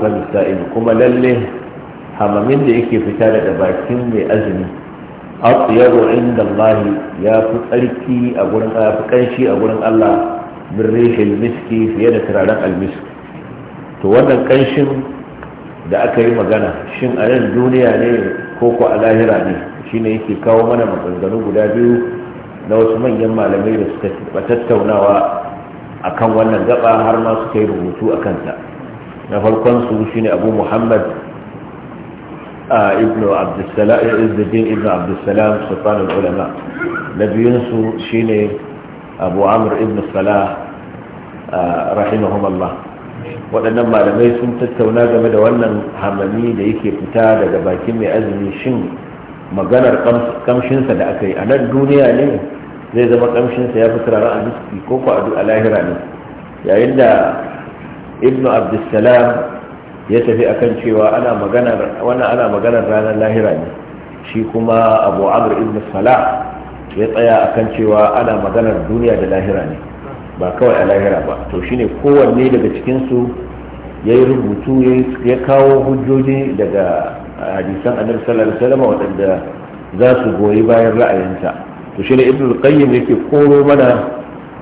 fami kuma lalle hamamin da yake fita daga bakin mai azumi atyaru inda Allah ya fi tsarki a gurin ya fi kanshi a gurin Allah min rihil miski fiye da turaren almisk to wannan kanshin da aka yi magana shin a nan duniya ne ko ko a lahira ne shine yake kawo mana maganganu guda biyu na wasu manyan malamai da suka tattaunawa akan wannan gaba har ma suka yi rubutu a kanta na farkon su shine abu muhammad a abdussalam izzuddin ibn abdussalam sultan ulama na biyun su shine abu amr ibn salah waɗannan malamai sun tattauna game da wannan hamami da yake fita daga bakin mai azumi shin maganar kamshinsa da aka yi a nan duniya ne zai zama kamshinsa ya fi turaren a diski ko ku a lahira ne yayin da Ibnu abdussalam ya tafi akan cewa ana maganar ana maganar ranar lahira ne shi kuma abu amr ibn salah ya tsaya akan cewa ana maganar duniya da lahira ne ba kawai a lahira ba to shine kowanne daga cikinsu ya yi rubutu ya kawo hujjoji daga hadisan annabi sallallahu alaihi wasallam waɗanda za su goyi bayan ra'ayinsa to shine ibn qayyim yake koro mana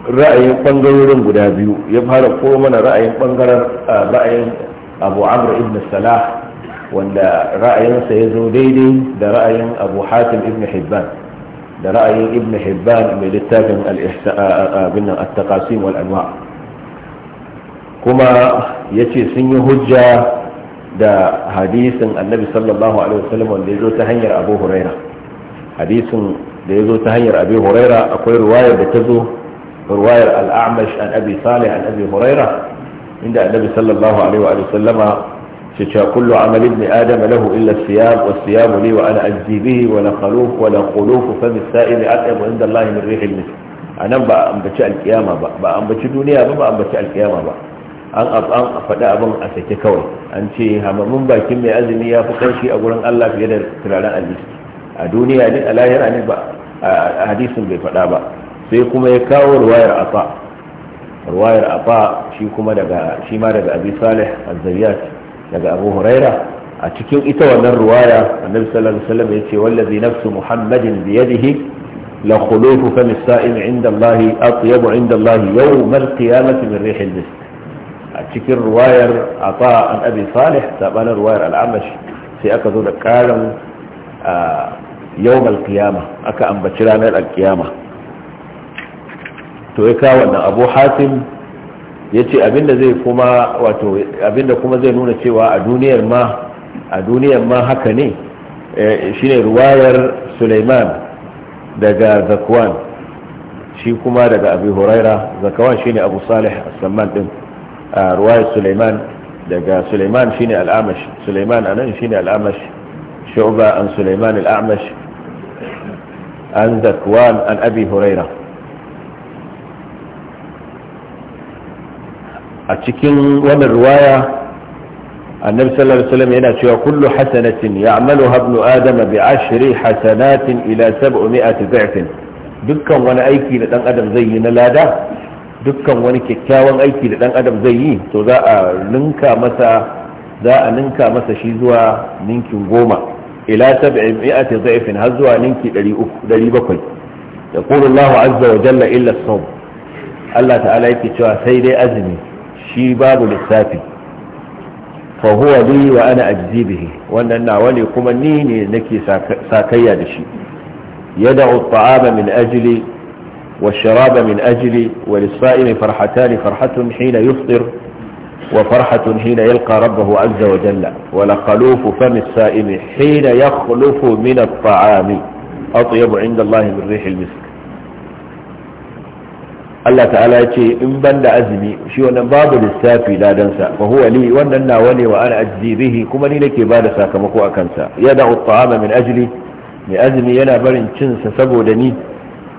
ra'ayin ɓangarorin guda biyu ya fara koro mana ra'ayin bangaren ra'ayin abu amr ibn salah wanda ra'ayinsa ya zo daidai da ra'ayin abu hatim ibn hibban da ra'ayin ibn hibban mai littafin al-ihsan at-taqasim wal anwa kuma yace sun yi hujja da hadisin annabi sallallahu alaihi wasallam wanda ya zo ta hanyar abu huraira hadisin da ya zo ta hanyar abu huraira akwai ruwayar da ta zo ruwayar al'amash an abi salih an abi huraira inda annabi sallallahu alaihi wa sallama ce cewa kullu amal ibn adam lahu illa siyam wa siyam li wa ana ajzi bihi wa la khaluf wa la khuluf fa bis sa'il atab inda allah min rihil mis ba ambaci alkiyama ba duniya ba ba ambaci alkiyama ba an an faɗi abin a sake kawai an ce hamamin bakin mai azumi ya fi kanshi a gurin allah fiye da turaren aljiski a duniya ne a lahira ne ba a hadisin bai faɗa ba sai kuma ya kawo ruwayar afa ruwayar afa shi kuma daga shi ma daga abi salih az-zayyat daga abu huraira a cikin ita wannan ruwaya annabi sallallahu alaihi wasallam yace wallazi nafsu muhammadin bi yadihi la khulufu 'inda Allah atyab 'inda Allah yawm al-qiyamati min rih al a cikin ruwayar afa an abi salih sabanin ruwayar al-amash sai aka zo da karin ah, yawm al aka ambaci ranar al-qiyama to ya kawo wannan abu hatim ya ce abinda zai kuma wato abinda kuma zai nuna cewa a duniyar ma a duniyar ma haka ne eh, shine ruwayar suleiman daga zakwan shi kuma daga abu huraira zakwan shine abu salih as-samman a ruwayar suleiman daga suleiman shine al'amash suleiman anan shine al'amash shu'ba an suleiman al'amash an zakwan an abi huraira a cikin wannan ruwaya annabi sallallahu alaihi wasallam yana cewa kullu hasanatin ya'maluha ibnu adama bi ashri hasanatin ila 700 dha'fin dukkan wani aiki da dan adam zai yi na lada dukkan wani kyakkyawan aiki da dan adam zai yi to za a ninka masa za a ninka masa shi zuwa ninkin goma ila 700 dha'fin har zuwa ninki 300 yaqulu Allahu azza wa jalla illa as-sawm Allah ta'ala yake cewa sai dai azumi shi babu lissafi fa huwa li wa ana ajzi bihi wannan nawa ne kuma ni ne nake sakayya da shi yad'u min ajli والشراب من أجلي وللصائم فرحتان فرحة حين يفطر وفرحة حين يلقى ربه عز وجل ولقلوف فم السائم حين يخلف من الطعام أطيب عند الله من ريح المسك Allah ta'ala ya ce in banda azumi shi wannan babu lissafi ladansa fa huwa li wannan nawa ne wa ana ajzi bihi kuma ni nake bada sakamako a kansa ya da'u ta'ama min ajli mai azumi yana barin cin sa saboda ni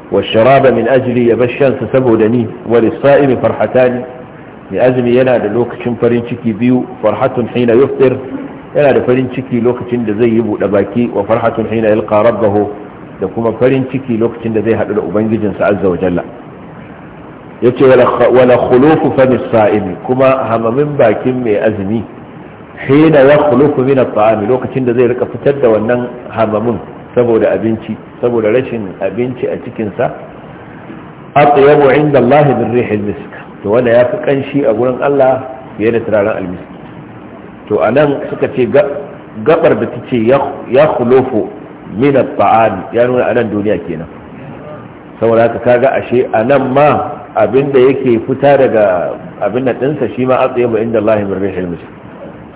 wa sharaba min ajli ya bar shan sa saboda ni wa lis farhatani mai azumi yana da lokacin farin ciki biyu farhatun hina yuftir yana da farin ciki lokacin da zai yi buɗe baki wa farhatun hina yalqa rabbahu da kuma farin ciki lokacin da zai haɗu da ubangijinsa azza wa jalla yace wala khulufu fami sa'imi kuma hamamin bakin mai azumi hina ya khulufu min at lokacin da zai rika fitar da wannan hamamin saboda abinci saboda rashin abinci a cikin sa atyabu inda Allah min rih al to wanda yafi kanshi a gurin Allah fiye da turaren al to a anan suka ce gabar da tace ya khulufu min at ya nuna anan duniya kenan saboda haka kaga ashe a nan ma abin da yake fita daga abin da dinsa shi ma atsaye ba inda Allah min rihil musu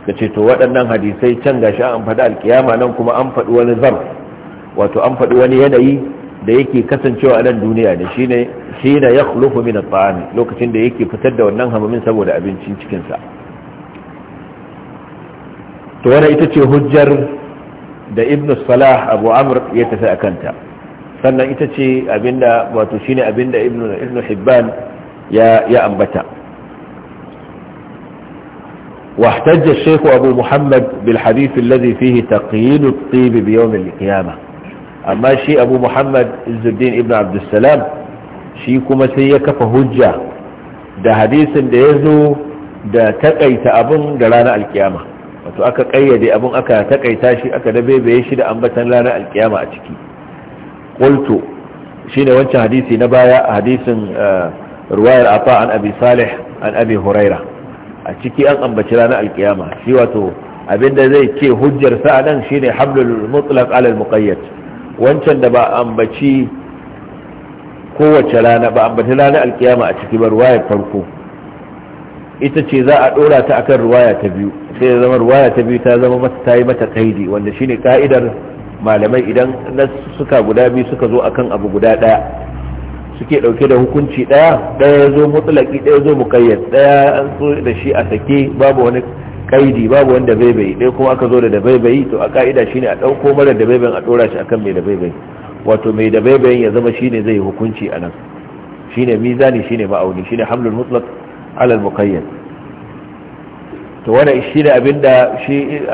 Da ce to waɗannan hadisai can gashi an faɗi alkiyama nan kuma an faɗi wani zam wato an faɗi wani yanayi da yake kasancewa a nan duniya ne shine shine ya khulufu min at-ta'am lokacin da yake fitar da wannan hamamin saboda abincin cikin sa to wannan ita ce hujjar da ibn salah abu amr ya tafi kanta. sannan ita ce abinda wato shine abinda ibnu ibnu hibban ya ya ambata واحتج الشيخ أبو محمد بالحديث الذي فيه تقييد الطيب بيوم القيامة أما شيء أبو محمد عز الدين ابن عبد السلام شيء كما سيكف هجة ده حديث ديزو da takaita abun da ranar alkiyama wato aka kayyade abun aka takaita shi aka dabe shi da ambatan ranar alkiyama a ciki qultu shine wancan hadisi na baya hadisin eh, ruwayar afa an abi salih an abi huraira a ciki an ambaci ranar alkiyama shi wato abinda zai ce hujjarsa a nan shine hablul mutlaq ala al wancan da ba ambaci kowace rana ba ambaci ranar alkiyama a ciki ba ruwayar farko ita ce za a dora ta akan ruwaya ta biyu sai zama ruwaya ta biyu ta zama mata ta yi mata kaidi wanda shine ka'idar malamai idan na suka guda biyu suka zo akan abu guda daya suke dauke da hukunci daya daya zo mutlaki daya zo muqayyad daya an so da shi a sake babu wani kaidi babu wanda baibayi dai kuma aka zo da baibayi to a ka'ida shine a dauko mara da baibayin a dora shi akan mai da baibayi wato mai da baibayin ya zama shine zai yi hukunci a nan shine mizani shine ma'auni shine hamlul mutlaq ala al muqayyad to wannan shine abinda shi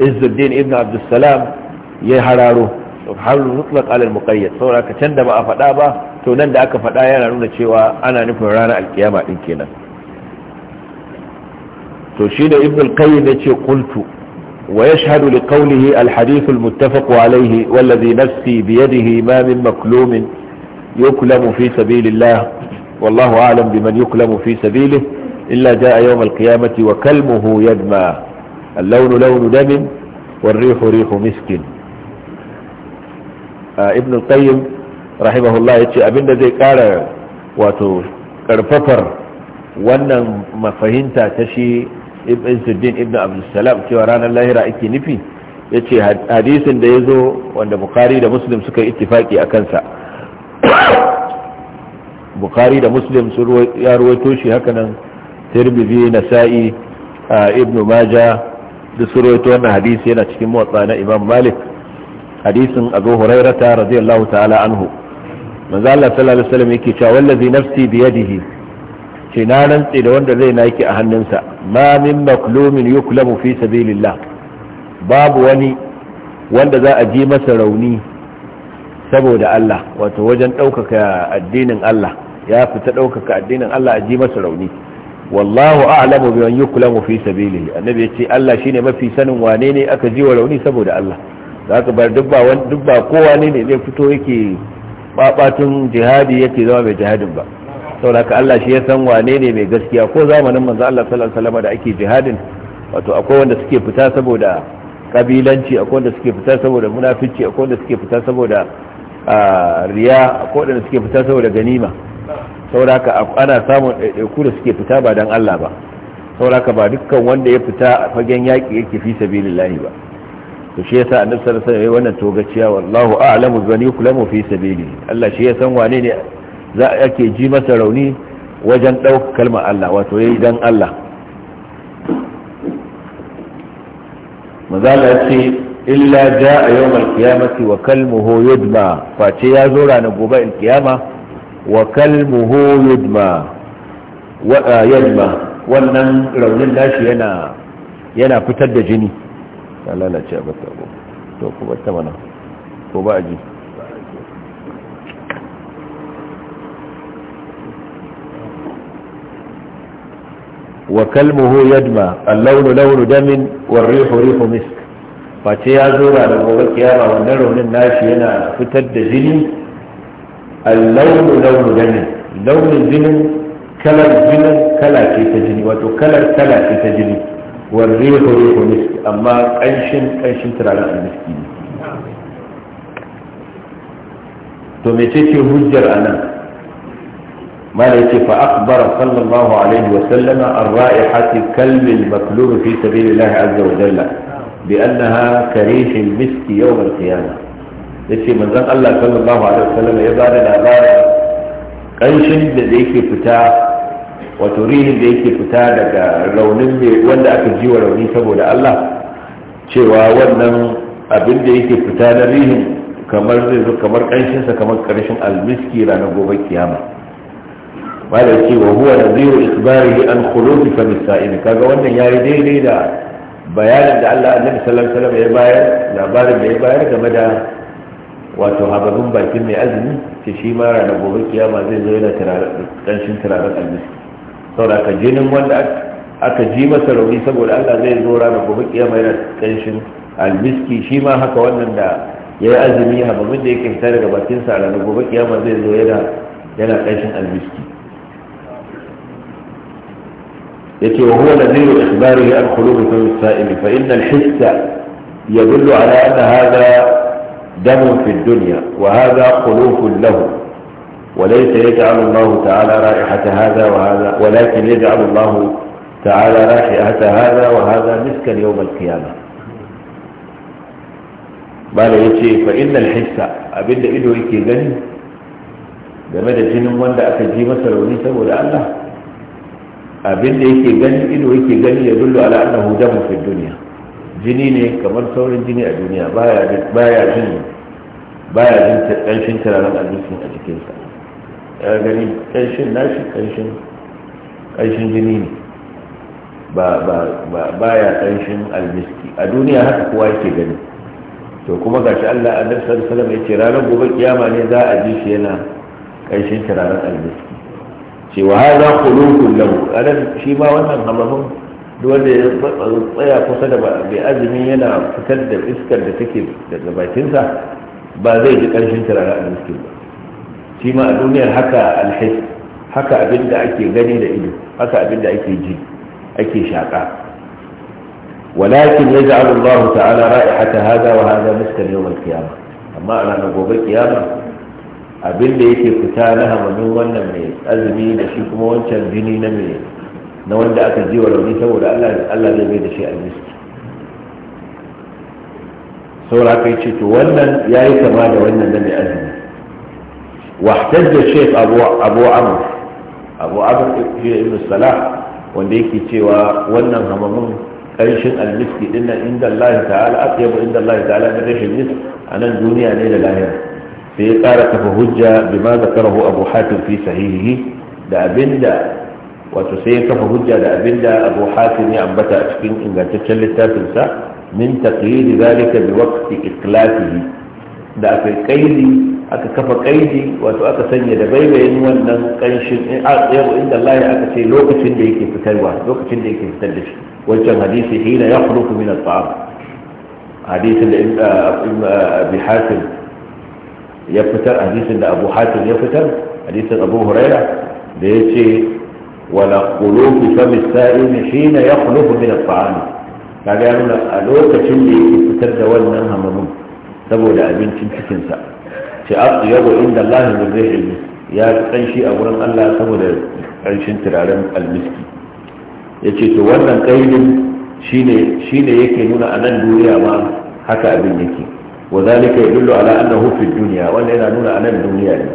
عز الدين ابن عبد السلام يهرارو حول نطلق على المقيد سورة كتند ما أفضاء با تونند أكا فضاء يانون تشيوى أنا نفر رانا القيامة إنكينا تشيد ابن القيد تشيو قلت ويشهد لقوله الحديث المتفق عليه والذي نفسي بيده ما من مكلوم يكلم في سبيل الله والله أعلم بمن يكلم في سبيله إلا جاء يوم القيامة وكلمه يدمى اللون لون دم والريح ريح مسك ابن القيم رحمه الله يتي أبن ذي قال واتو كرففر wannan mafahimta ta shi ibn suddin ibn abdulsalam cewa ranar lahira ake nufi ya ce hadisin da ya zo wanda bukari da muslim suka ittifaki a kansa bukari da muslim ya ruwaito shi hakanan tirmidhi nasa'i ibn maja da surwaito wannan hadisi yana cikin motsa na imam malik hadisin abu hurairata radiyallahu ta'ala anhu manzo Allah sallallahu alaihi wasallam yake cewa wallazi nafsi biyadihi ce na rantse da wanda zai naki a hannunsa ma min maklumin yuklamu fi sabilillah babu wani wanda za a ji masa rauni saboda Allah wato wajen ɗaukaka addinin Allah ya fita ɗaukaka addinin Allah a ji masa rauni wallahu a'lamu bi man yuklamu fi sabilihi annabi yace Allah shine mafi sanin wane ne aka ji wa rauni saboda Allah zaka bar duk ba duk ba kowa ne ne zai fito yake babatun jihadi yake zama mai jihadin ba saboda ka Allah shi ya san wane ne mai gaskiya ko zamanin manzo Allah sallallahu alaihi wasallam da ake jihadin wato akwai wanda suke fita saboda kabilanci akwai wanda suke fita saboda munafici akwai wanda suke fita saboda ah, riya akwai wanda suke fita saboda ganima sauraka ana samun ɗaiɗaiku da suke fita ba don Allah ba sauraka ba dukkan wanda ya fita a fagen yaƙi yake fi sabilillahi ba to shi yasa annabi sallallahu alaihi wasallam wannan togaciya wallahu a'lamu bi man fi sabili Allah shi ya san wane ne za a ji masa rauni wajen ɗaukar kalmar Allah wato yayi dan Allah mazala ce illa jaa yawm al-qiyamati wa kalmuhu yudma fa ce ya zo ranar gobe alkiyama. wa kalmuhu yudma wa ah, yadma wannan raunin nashi yana yana fitar da jini ya lalace a bata abu to ku bata mana ko ba a ji wa kalmuhu yadma al-launu launu damin wa rihu rihu misk face ya zo da gobe kiyama wannan raunin nashi yana fitar da jini اللون لون جنن لون الجنن كلر جنن كلا كي تجني وتو كلر كلا كي تجني والريح ريح مسك أما قيش قيش ترى على النسك تو ميتيتي هجر أنا ما ليتي فأخبر صلى الله عليه وسلم الرائحة كلب المكلوب في سبيل الله عز وجل بأنها كريح المسك يوم القيامة yace manzon Allah sallallahu alaihi wasallam ya bada labarin kanshin da yake fita wato rihin da yake fita daga raunin mai wanda aka jiwa rauni saboda Allah cewa wannan abin da yake fita na rihin kamar zai zo kamar sa kamar karshen almiski ranar gobe kiyama ba da ce wa huwa naziru isbarihi an khulufi fa nisa'in kaga wannan yayi daidai da bayanin da Allah Annabi sallallahu alaihi wasallam ya bayar labarin da ya bayar game da wato hababin bakin mai azumi ce shi mara na gobe kiyama zai zo yana ƙanshin turaren almiski saboda ka jinin wanda aka ji masa rauni saboda allah zai zo ranar gobe kiyama yana ƙanshin almiski shi ma haka wannan da ya yi azumi hababin da yake fita daga bakinsa a ranar gobe kiyama zai zo yana ƙanshin almiski يتي an kulubu ta الخلود fa inna al-hissa yadullu ala anna hada دم في الدنيا وهذا خلوف له وليس يجعل الله تعالى رائحة هذا وهذا ولكن يجعل الله تعالى رائحة هذا وهذا مسكا يوم القيامة بل يجي فإن الحس أبدا إلو إكي ذني دمد جن من دأت جي مثل ونسا ولا الله أبدا إكي ذني إلو إكي ذني يدل على أنه دم في الدنيا جنيني كمان صور الدنيا الدنيا بايا جنيني baya jin ƙanshin turaren almisin a jikinsa ya gani ƙanshin nashi ƙanshin jini ne ba ya ƙanshin almiski a duniya haka kowa yake gani to kuma gashi Allah annabi sallallahu alaihi ya ce ranar gobe kiyama ne za a ji shi yana ƙanshin turaren almiski ce wa hadha khuluqun lahu anan shi ma wannan hamamin wanda ya tsaya kusa da bai azumi yana fitar da iskar da take daga bakinsa ba zai ji ƙarshen turare almiskin ba shi ma a duniyar haka alhis haka abin da ake gani da ido haka abin da ake ji ake shaƙa walakin ya ji Allah ta'ala ra'ihata hada wa hada miskan yau mai kiyama amma a ranar gobe kiyama abin da yake fita na hamamin wannan mai azumi da shi kuma wancan jini na mai na wanda aka ji wa rauni saboda Allah zai bai da shi almiski saboda haka yace to wannan yayi kama da wannan da mai azumi da الشيخ abu أبو عمرو أبو عمرو ابن الصلاح wanda yake cewa wannan hamamin ƙarshen almiski din nan inda Allah ta'ala atyabu inda Allah ala na rashin mis a nan duniya ne da lahira sai ya kara kafa hujja bima zakarahu Abu Hatim fi sahihihi da abinda wato sai ya kafa hujja da abinda Abu Hatim ya ambata a cikin ingantaccen littafinsa. min taqyid zalika bi waqti ikhlasihi da aka kaidi aka kafa kaidi wato aka sanya da baibayin wannan kanshin in eh, yau inda Allah ya aka ce lokacin da yake fitarwa lokacin da yake fitar da shi wancan hadisi hina yakhruqu min at-ta'am hadisin da ibn ah, ah, abi hatim ya fitar hadisin da abu hatim ya fitar hadisin abu huraira da yace wala qulufu fami as-sa'im ya yakhluqu min at-ta'am kaga ya nuna a lokacin da yake fitar da wannan hamamun saboda abincin cikinsa ce a yago inda Allah ne zai ilmi ya fi kanshi a wurin Allah saboda ƙarshen turaren almiski ya ce to wannan ƙaidin shi ne yake nuna a nan duniya ma haka abin yake wa zalika yadullu ala na hufin duniya wanda yana nuna a nan duniya ne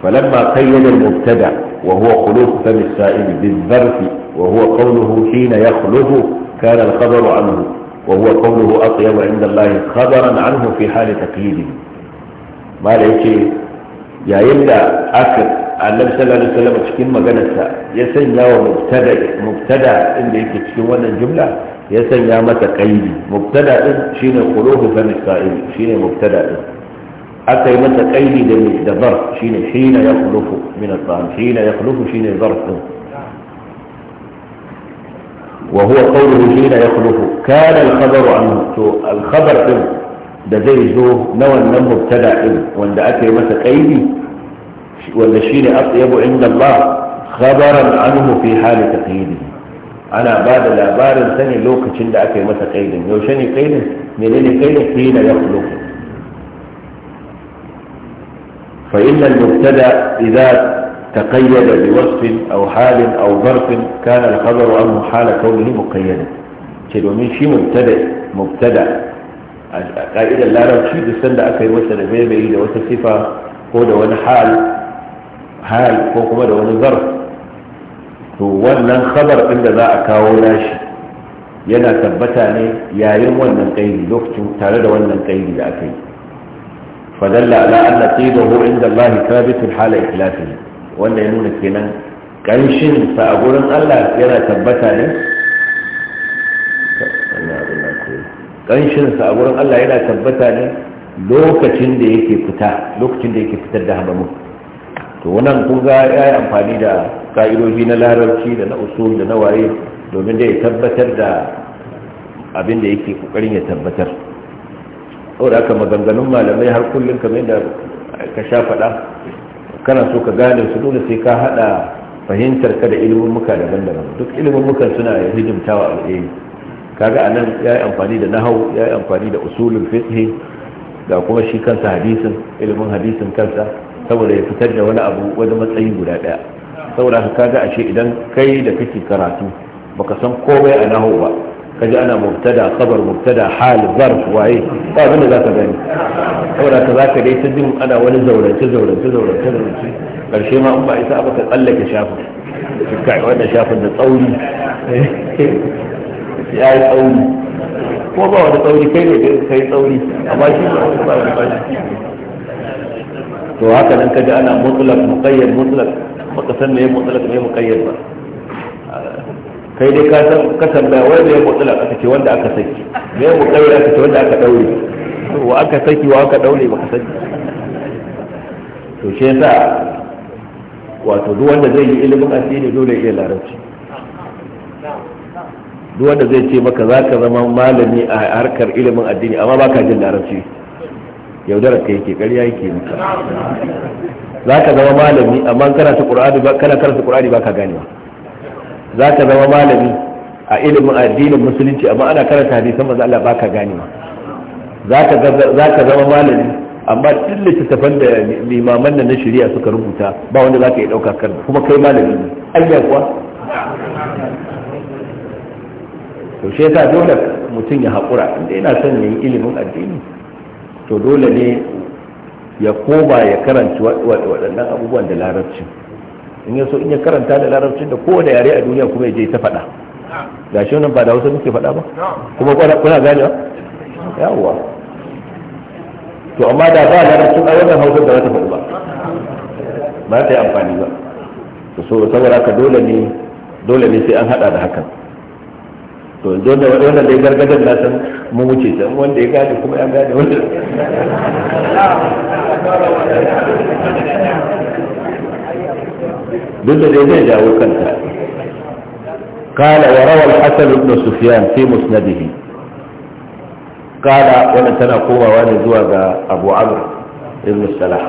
falamma qayyada al-mubtada wa huwa khuluq fam as-sa'ib bi-dharf wa huwa qawluhu hina yakhluqu كان الخبر عنه وهو قوله أطيب عند الله خبرا عنه في حال تقييده ما ليش يا إلا أكد annabi sallallahu alaihi wasallam cikin maganarsa ya sanya wa mubtada mubtada yake cikin wannan jumla ya sanya masa qaidi mubtada din shine quluhu fa misail shine mubtada din masa qaidi da da zarf shine hina yakhlufu shine وهو قوله حين يخلف كان الخبر عنه الخبر ده ده زي زو نوع من المبتدا ده وان ده اكل مثلا قيدي ولا شيني اطيب عند الله خبرا عنه في حال تقييده انا بعد الاخبار الثاني لوكشن ده اكل مثلا قيدي لو شني قيدي منين قيدي حين يخلفه فإن المبتدا إذا تقيد بوصف أو حال أو ظرف كان الخبر عنه حال كونه مقيدا domin shi mubtada mubtada a ka'idar larabci duk sanda aka yi masa da maimayi da wata sifa ko da wani hal ko kuma da wani zarf to wannan kabar din da za a kawo nashi yana tabbata ne yayin wannan kaidi lokacin tare da wannan kaidi da aka yi fadalla ala anna inda Allah thabitun hala ikhlasihi wanda ya nuna kenan ƙanshin sa a gurin Allah yana tabbata ne ƙanshin sa a gurin Allah yana tabbata ne lokacin da yake fita lokacin da yake fitar da hamamu to wannan kun ga ya yi amfani da ƙa'idoji na larabci da na usul da na waye domin da ya tabbatar da abin da yake kokarin ya tabbatar saboda haka maganganun malamai har kullum kamar da ka sha faɗa kana so ka gane su dole sai ka hada fahimtar ka da ilimin muka daban-daban duk ilimin muka suna hidimtawa al'ayi kaga nan ya yi amfani da nahau ya yi amfani da usulun fiqh da kuma shi kansa hadisin ilimin hadisin kansa saboda ya fitar da wani abu wani matsayi guda daya saboda haka kaga ashe idan kai da kake karatu baka san komai a nahau ba kaji ana mubtada khabar mubtada hal zarf waye ba abin da zaka gani saboda ka zaka dai ta jin ana wani zaurance zaurance zaurance zaurance karshe ma in ba isa ba ka tsallake shafin kai wannan shafin da tsauri ya yi tsauri ko ba wani tsauri kai ne kai tsauri amma shi ba wani ba wani to haka nan kaji ana mutlaq muqayyad mutlaq baka san me mutlaq me muqayyad ba sai dai ka san ka tambaya wai me mutlaq aka ce wanda aka saki me mutlaq aka ce wanda aka daure wa aka saki wa aka daure baka saki to shi yasa wato duk wanda zai yi ilimin addini dole ya larabci duk wanda zai ce maka za ka zama malami a harkar ilimin addini amma baka jin larabci yaudara ka yake ƙarya yake maka za ka zama malami amma kana ta qur'ani ba kana karanta ba ka ganewa za ka zama malami a ilimin addinin musulunci amma ana karanta hadisan manzo Allah baka ma. za ka zama malami amma duk littattafan da limaman da na shirya suka rubuta ba wanda za ka yi ɗauka kan kuma kai malami ne anya kuwa to shi yasa dole mutum ya hakura inda yana son ya yi ilimin addini to dole ne ya koma ya karanci waɗannan abubuwan da larabcin in yaso in ya karanta da larabcin da kowane yare a duniya kuma ya je ta faɗa ga shi wannan ba da wasu muke faɗa ba kuma kuna ba yawwa to amma da ba larabcin a wannan hausar da wata faɗi ba ba ta yi amfani ba so saboda haka dole ne dole ne sai an hada da hakan to dole wannan da ya gargadar na san mun wuce ta wanda ya gane kuma ya gane wanda duk da dai zai jawo kanta قال وروى الحسن بن سفيان في مسنده قال وانا تنا قوة وانا زواج ابو عمرو ابن السلاح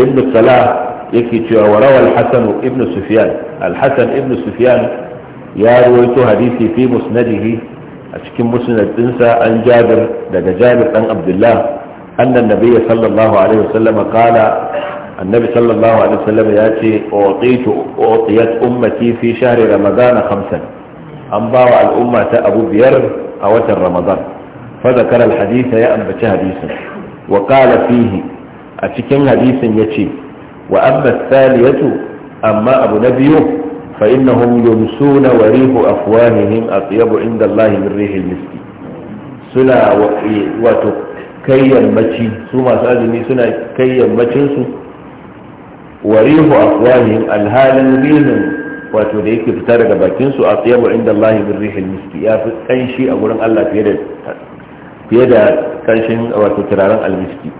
ابن السلاح يكي وروى الحسن ابن سفيان الحسن ابن سفيان يا رويت حديثي في مسنده أشكم مسند انسى عن جابر لدى جابر عن عبد الله أن النبي صلى الله عليه وسلم قال annabi sallallahu ya ce utitu utiyat ummati fi shahri ramadan khamsan an ba wa al'umma ta abu biyar a watan ramadan fa zakara alhadith ya ambaci hadisin wa qala fihi a cikin hadisin yace wa amma thaliyatu amma abu na biyu fa innahum yumsuna wa rihu afwahihim atyabu inda Allah min rihil suna wato kai yammaci su masu azumi suna kai yammacin su warihu afwahihim alhalin rinin wato da yake fita daga bakin su atyabu inda Allah bin rihil miski ya fi kanshi a gurin Allah fiye da fiye da kanshin wato turaren almiski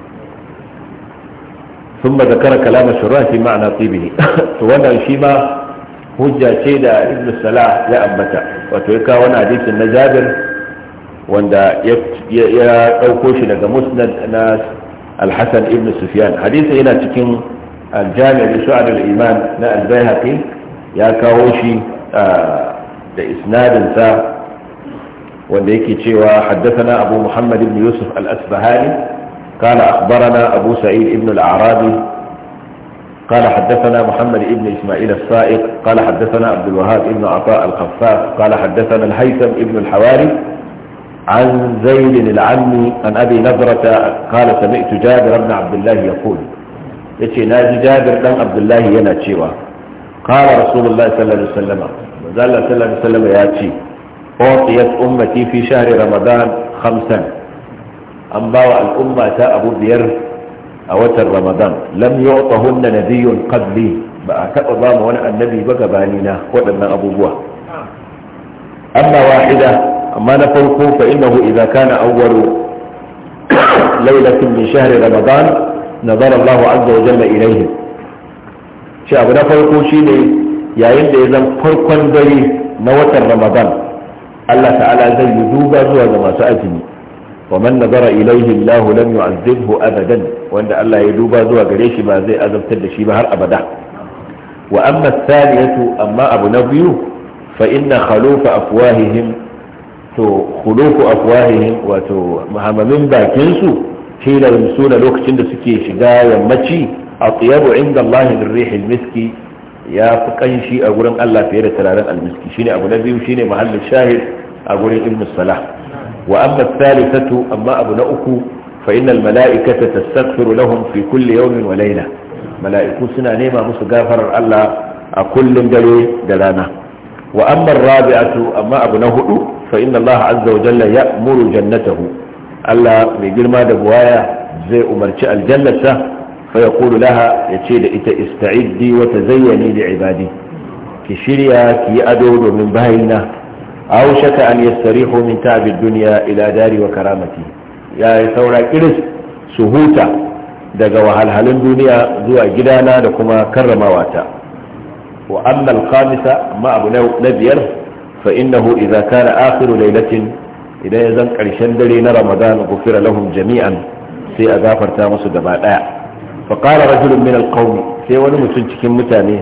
ثم ذكر كلام الشراح في معنى طيبه وانا شيما hujja ce da ibn salah ya ambata wato ya kawo wani hadisin na jabir wanda ya ɗauko shi daga musnad na alhassan ibn sufyan hadisin yana cikin الجامع لسؤال الإيمان al البيهقي يا كاوشي bayhaqi ya kawo shi da isnadin sa wanda yake cewa قال أخبرنا أبو سعيد بن الأعرابي قال حدثنا محمد بن إسماعيل السائق قال حدثنا عبد الوهاب بن عطاء الخفاف قال حدثنا الهيثم بن الحواري عن زيد العمي عن أبي نظرة قال سمعت جابر بن عبد الله يقول yace na ji Jabir dan Abdullahi yana cewa qala Rasulullahi sallallahu alaihi wasallam sallallahu alaihi ya ce utiyat ummati fi shahr ramadan khamsan an bawa al'umma ta abu biyar a watan ramadan lam yu'tahunna nabiyyun qabli ba a taɓa ba wani annabi ba gabani na waɗannan abubuwa amma wahida amma na farko fa innahu idza kana awwalu lailatin min shahri ramadan nazar Allah azza wa ilaihi shi abu na farko shine yayin da ya zama farkon dare na watan Ramadan Allah ta'ala zai yi duba zuwa ga masu azumi wa man nazara ilaihi Allah lam yu'azzibhu abadan wanda Allah ya duba zuwa gare shi ba zai azabtar da shi ba har abada wa amma thaniyatu amma abu na biyu fa inna khalufa afwahihim to wato muhammamin bakin su hila yamsuna lokacin da suke shiga yammaci a tsayabu inda Allah min rihil miski ya fi kanshi a gurin Allah fiye da turaren almiski shine abu na biyu shine mahallin shahid a gurin ibn salah wa amma thalithatu amma abu na uku fa innal mala'ikata tastaghfiru lahum fi kulli yawmin wa layla mala'iku suna nema musu gafarar Allah a kullum dare da rana wa amma rabi'atu amma abu na hudu fa inna Allah azza wa jalla ya'muru jannatahu Allah mai girma da buwaya zai umarci aljannarsa fa ya kulu laha ya ce da ita ista'iddi wata zayyani da ibadi ki shirya ki yi ado domin bayina aw shaka an yastarihu min ta abin duniya ila dari wa karamati ya yi saura kiris su huta daga wahalhalun duniya zuwa gidana da kuma karramawa ta wa amma al-khamisa ma abu na biyar fa innahu idza kana akhiru laylatin idan ya zan karshen dare na ramadan gufira lahum jami'an sai a gafarta musu gaba daya fa qala rajulun min alqawmi sai wani mutum cikin mutane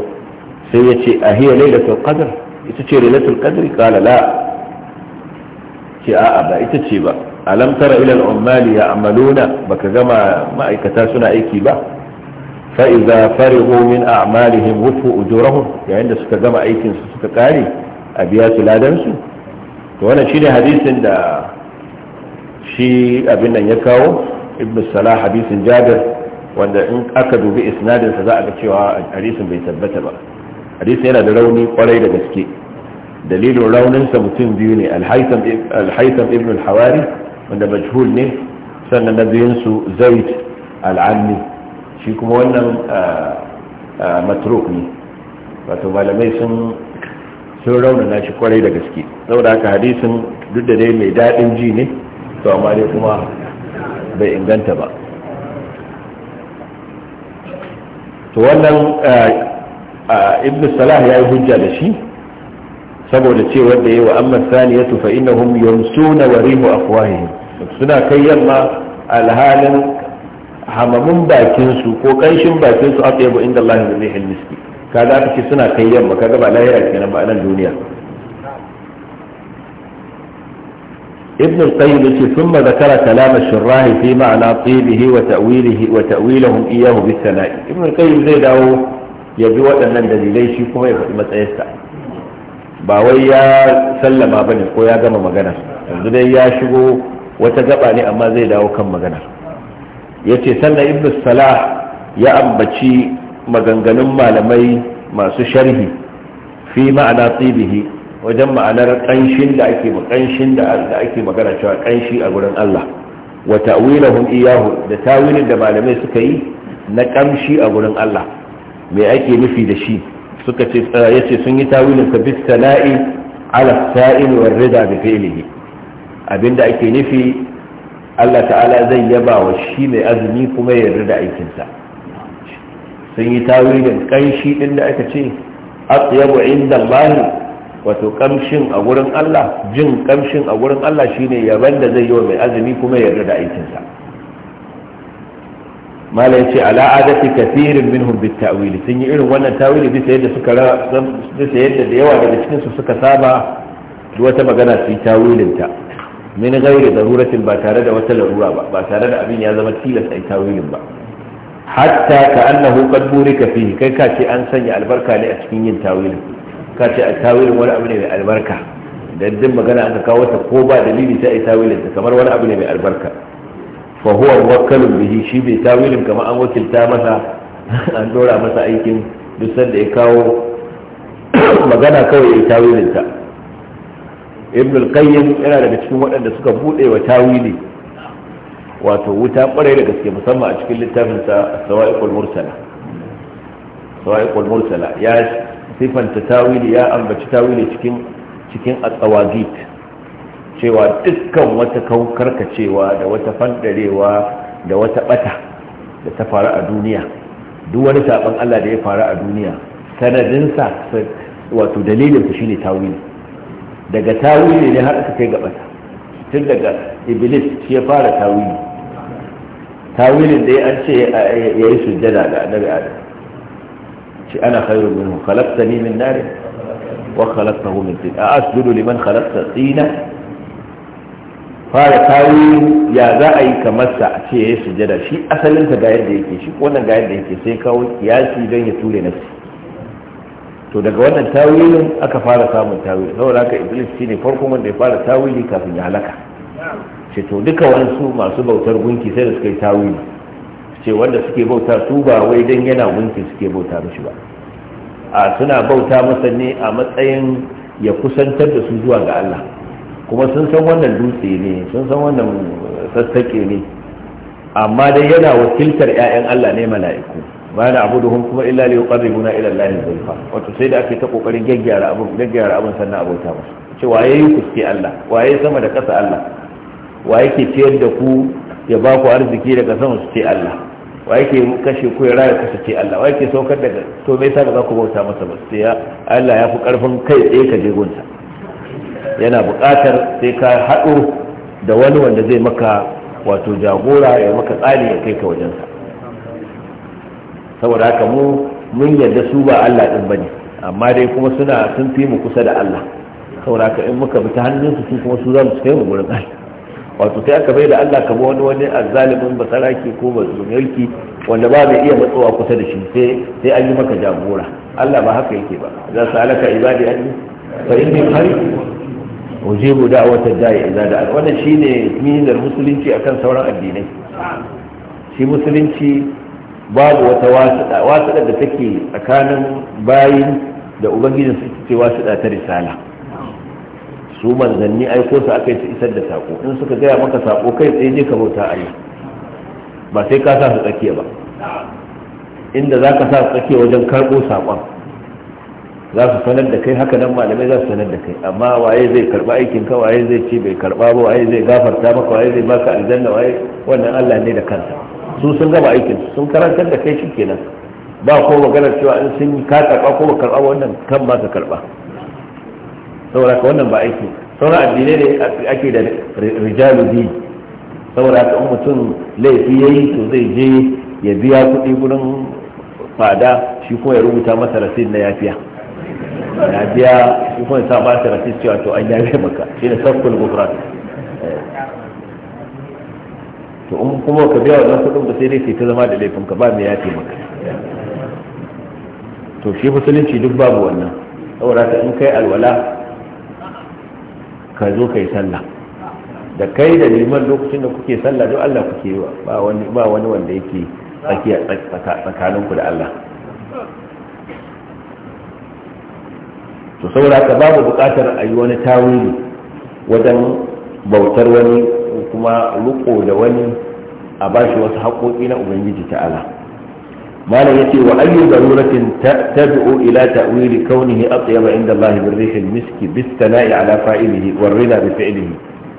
sai ya ce a hiya lailatul qadr ita ce lailatul qadr qala la ce a'a ba ita ce ba alam tara ila al'ummali ya'maluna baka gama ma'aikata suna aiki ba fa idza farihu min a'malihim wufu ujurahum yayin da suka gama aikin su suka kare a biya su ladan su to wannan shine hadisin da shi abin nan ya kawo ibn salah hadisin jabir wanda in aka dubi isnadinsa za a ga cewa hadisin bai tabbata ba hadisin yana da rauni kwarai da gaske dalilin rauninsa mutum biyu ne alhaitam ibn al-hawari wanda majhul ne sannan na biyunsu zaid al'anni shi kuma wannan ah, ah, matruk ne wato malamai sun sun na shi kwarai da gaske saboda haka hadisin duk da dai mai daɗin ji ne to amma dai kuma bai inganta ba to wannan eh, eh, ibn salah ya yi hujja da shi saboda cewa da wa amma sani ya tufa ina hum yamsuna wa rihu afwahihim suna kai yamma alhalin bakin bakinsu ko kanshin bakinsu a tsaye inda Allah ya zai miski kaga aka ce suna kai yamma kaga ba lahira kenan ba nan duniya ابن القيم ثم ذكر كلام الشراح في معنى طيبه وتأويله وتأويلهم إياه بالثناء ابن القيم زي داو يجوا أن الدليلي شي كما يفعل مسأيسا باوي يا سلم بني قويا قم مغنى زي يا شغو وتقبعني أما زي داو كم مغنى يتي سنة ابن الصلاح ya ambaci maganganun malamai masu sharhi fi ma'ana tsibihi wajen ma'anar kanshin da ake kanshin da ake magana cewa kanshi a gurin Allah wa ta'wilahum iyahu da tawilin da malamai suka yi na kamshi a gurin Allah me ake nufi da shi suka ce eh, yace sun yi tawilin ka bis sana'i ala sa'il wa rida bi fi'lihi abinda ake nufi Allah ta'ala zai yaba wa shi mai azumi kuma ya yarda da aikinsa sun yi tawilin kanshi din da aka ce atyabu inda Allah wato kamshin a gurin Allah jin kamshin a gurin Allah shine yaban da zai yi wa mai azumi kuma ya yarda da aikinsa mala yace ala adati kathirin minhum bit sun yi irin wannan tawili bisa yadda suka bisa yadda da yawa daga cikin su suka saba wata magana su yi tawilin ta min ghairi daruratin ba tare da wata larura ba ba tare da abin ya zama tilas ai tawilin ba hatta ka annahu qad burika fihi kai ka ce an sanya albarka ne a cikin yin tawilin ka ce a tawilin wani abu ne mai albarka dan din magana aka kawo ta ko ba dalili sai ai tawilin ta kamar wani abu ne mai albarka fa huwa muwakkalun bihi shi bai tawilin kamar an wakilta masa an dora masa aikin duk sanda ya kawo magana kawai ya tawilin ta ibnu al-qayyim yana daga cikin waɗanda suka bude wa tawili wato wuta kwarai da gaske musamman a cikin littafin sa sawa'iqul mursala sawa'iqul mursala ya sifanta tawili ya ambaci tawili cikin cikin at cewa dukkan wata cewa da wata fandarewa da wata bata da ta faru a duniya duk wani sabon Allah da ya faru a duniya sanadinsa wato dalilin sa shine tawili daga tawili ne har aka kai ga bata tun daga iblis shi ya fara tawili tawilin da ya an ce ya yi sujjada ga annabi adam shi ana khairu minhu khalaqtani min nar wa khalaqtahu min tin a asjudu liman khalaqta tina fara tawilin ya za a yi kamar sa a ce ya yi sujjada shi asalin ka ga yadda yake shi ko wannan ga yadda yake sai kawo kiyasi don ya ture nafsi to daga wannan tawilin aka fara samun tawilin saboda haka iblis shine farkon wanda ya fara tawili kafin ya halaka ce to duka wasu masu bautar gunki sai da suka yi tawi ce wanda suke bauta su ba wai don yana gunki suke bauta mishi ba a suna bauta masa ne a matsayin ya kusantar da su zuwa ga Allah kuma sun san wannan dutse ne sun san wannan sassaƙe ne amma dai yana wakiltar 'ya'yan Allah ne mala'iku ba da abu duhun kuma illa li guna ilan Allah zulfa wato sai da ake ta ƙoƙarin gaggyara abin sannan abauta masu ce waye yi kuske Allah waye sama da ƙasa Allah wa yake ciyar da ku ya ba ku arziki daga sama su ce Allah wa yake kashe ku ya raya ku su ce Allah wa yake saukar daga to me yasa ba za ku bauta masa ba sai Allah ya fi karfin kai tsaye ka je gunta yana buƙatar sai ka haɗu da wani wanda zai maka wato jagora ya maka tsari ya kai ka wajensa saboda haka mu mun yarda su ba Allah din bane amma dai kuma suna sun fi mu kusa da Allah saboda haka in muka bi ta hannunsu su kuma su za su kai mu gurin Allah wato sai aka bai da Allah ka kama wani wani azzalimin basaraki ko basumulki wanda ba mai iya matsowa kusa da shi sai an yi maka jagora Allah ba haka yake ba za su alaka ibadi an anni fa inni qari ujibu da'wata da'i idza da'a wannan shine minar musulunci akan sauran addinai shi musulunci babu wata wasuɗa wasuɗa da take tsakanin bayin da ubangijin su ce wasuɗa ta risala su manzanni aiko su aka yi isar da sako in suka gaya maka sako kai tsaye je ka bauta a yi ba sai ka sa su tsakiya ba inda za ka sa su tsakiya wajen karɓo sakon za su sanar da kai haka nan malamai za su sanar da kai amma waye zai karba aikin ka waye zai ce bai karba ba waye zai gafarta maka waye zai baka aljanna waye wannan Allah ne da kansa su sun gaba aikin sun karantar da kai shikenan ba ko maganar cewa in sun ka karba ko ba karba wannan kan ma ka karba saboda ka wannan ba aiki sauran addinai ne ake da rijalu din saboda ka in mutum laifi yayi to zai je ya biya kuɗi gurin fada shi kuma ya rubuta masa rasid na yafiya ya biya shi kuma ya sa masa ta rasid cewa to an yafe maka shi ne sarkul gufran to in kuma ka biya wannan kuɗin ba sai dai sai ta zama da laifin ka ba mai yafe maka to shi musulunci duk babu wannan saboda ka in kai alwala ka zo kai sallah da kai da liman lokacin da kuke sallah don Allah kuke yi ba wani ba wani wanda yake tsakiya tsakanin da Allah to saboda babu bukatar a yi wani tawili wajen bautar wani kuma riko da wani a bashi wasu haƙoƙi na ubangiji ta ta'ala malam yace wa ayyu daruratin tad'u ila ta'wili kaunihi atyaba inda Allah bir rihil miski bis sana'i ala fa'ilihi war rida bi fi'lihi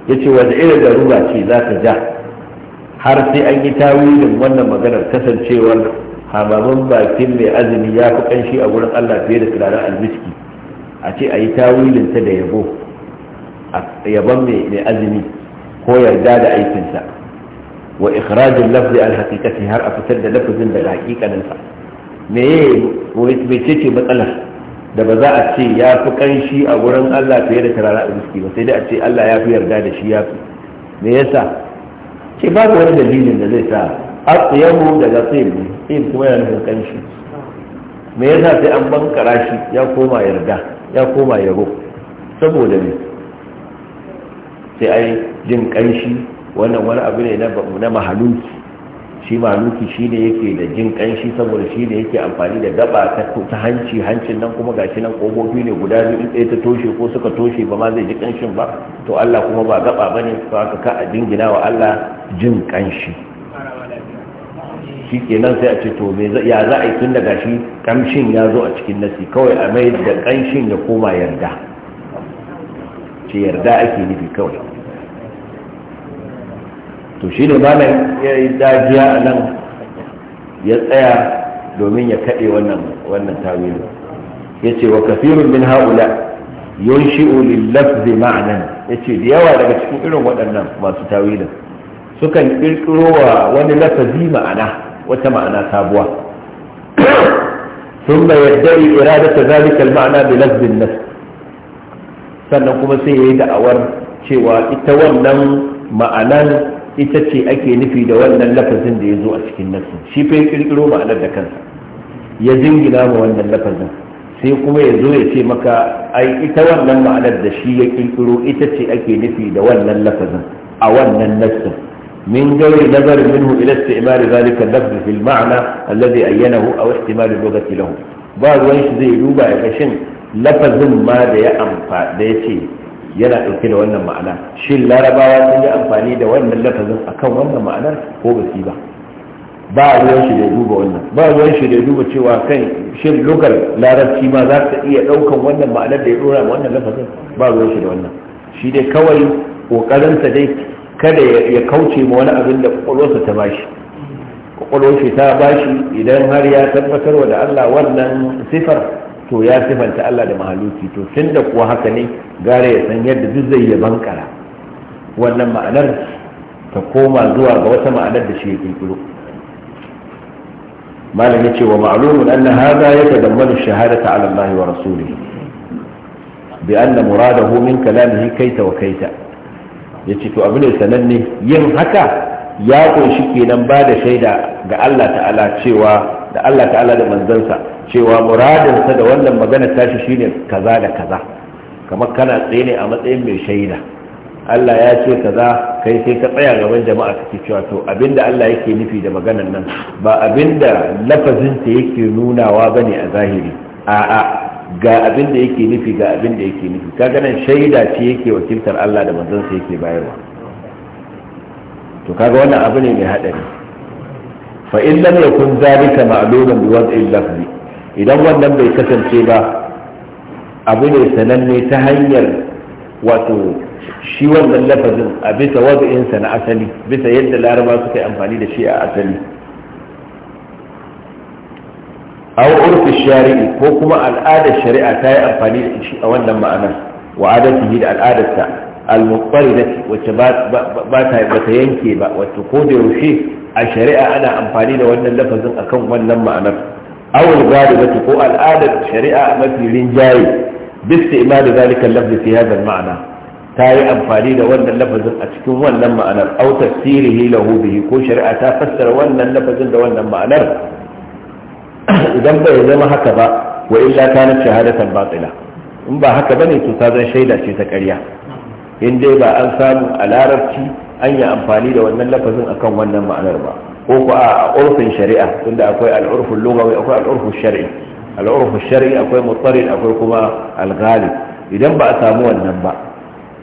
yace wa da irin darura ce za ta ja har sai an yi tawilin wannan maganar kasancewar hamamin bakin mai azumi yafi fi kanshi a wurin Allah fiye da turaren almiski a ce a yi tawilin ta da a yabon mai azumi ko yarda da aikinsa wa ikhrajul lafzi al haqiqati har a fitar da lafazin daga hakikanin me ce matsalar da ba za a ce ya fi kanshi a wurin Allah fiye da tarara a miski ba sai dai a ce Allah ya fi yarda da shi ya fi me yasa ce babu wani dalilin da zai sa atyabu daga tsib tsib kuma yana nufin kanshi me yasa sai an bankara shi ya koma yarda ya koma yabo saboda ne sai ai jin kanshi wannan wani abu ne na mahaluki shi mahaluki shi ne yake da jin kanshi saboda shi ne yake amfani da gaba ta hanci hancin nan kuma gashi nan kofofi ne guda biyu ɗaya ta toshe ko suka toshe ba ma zai ji kanshin ba to Allah kuma ba gaba ba ne to haka ka a jingina wa Allah jin kanshi shi kenan sai a ce to me ya za a yi tun da shi kamshin ya zo a cikin nasi kawai a mai da kanshin ya koma yarda ce yarda ake nufi kawai to shi ne malam ya yi dajiya a nan ya tsaya domin ya kaɗe wannan tawilin ya ce wa kafirun min haula yunshi'u lillafzi ma'anan ya ce da yawa daga cikin irin waɗannan masu tawilin sukan ƙirƙiro wa wani lafazi ma'ana wata ma'ana sabuwa sun ثم يدعي إرادة ذلك da بلفظ النفس sannan kuma sai ya yi da'awar cewa ita wannan ma'anan ita ce ake nufi da wannan lafazin da ya zo a cikin nafsin shi fa ya ma'anar da kansa ya jingina ma wannan lafazin sai kuma ya zo ya ce maka ai ita wannan ma'anar da shi ya kirkiro ita ce ake nufi da wannan lafazin a wannan nafsin min gauri nazar minhu ila istimar zalika lafz fil ma'na alladhi ayyanahu aw istimar lughati lahu ba ruwan shi zai duba ya kashin lafazin ma da ya da ya ce yana ɗauke da wannan ma'ana shi larabawa sun yi amfani da wannan lafazin akan wannan ma'anar ko ba ba ba ruwan shi da duba wannan ba ruwan shi da duba cewa kan shin larabci ma za ta iya ɗaukan wannan ma'anar da ya ɗora wannan lafazin ba ruwan shi da wannan shi dai kawai ƙoƙarinsa dai kada ya kauce ma wani abin da ƙwaƙwalwarsa ta bashi ƙwaƙwalwarsa ta bashi idan har ya tabbatar wa da Allah wannan sifar to ya sifanta Allah da mahaluki to tunda kuwa haka ne gare ya san yadda duk zai ya bankara wannan ma'anar ta koma zuwa ga wata ma'anar da shi ya kirkiro malam ce wa ma'lumun anna ta dammanu shahadata ala Allah wa rasuli bi anna muradahu min kalamihi kaita wa kaita yace to abu ne sananne yin haka ya kunshi kenan ba da shaida ga Allah ta'ala cewa da Allah ta'ala da manzansa cewa muradinsa da wannan magana tashi shine kaza da kaza kamar kana tsaye ne a matsayin mai shaida Allah ya ce kaza kai sai ka tsaya gaban jama'a kake cewa to abinda Allah yake nufi da maganar nan ba abinda lafazin ta yake nunawa bane a zahiri a'a ga abinda yake nufi ga abinda yake nufi kaga nan shaida ce yake wakiltar Allah da manzansa yake bayarwa to kaga wannan abu ne mai hadari fa in lam yakun zalika ma'luman bi wad'i lafzi idan wannan bai kasance ba abu ne sananne ta hanyar wato shi wannan lafazin a bisa wad'insa na asali bisa yadda laraba suka yi amfani da shi a asali aw urfi shari'i ko kuma al'adar shari'a ta yi amfani da shi a wannan ma'anar wa adatihi da al'adarsa al-muqtaridati wacce ba ta yanke ba wato ko da yaushe a shari'a ana amfani da wannan lafazin akan wannan ma'anar awul galibati ko al'adar shari'a mafi rinjaye bisa imani zalika lafzi fi ma'ana ta yi amfani da wannan lafazin a cikin wannan ma'anar au tafsirihi lahu bihi ko shari'a ta fassara wannan lafazin da wannan ma'anar idan bai zama haka ba wa illa kanat shahadatan batila in ba haka bane to ta zan shaida ce ta ƙarya in dai ba an samu a larabci an yi amfani da wannan lafazin akan wannan ma'anar ba ko ko a urfin shari'a tunda akwai al'urfin lugawi akwai al'urfin shari'i al'urfin shari'i akwai mutsarin akwai kuma alghali idan ba a samu wannan ba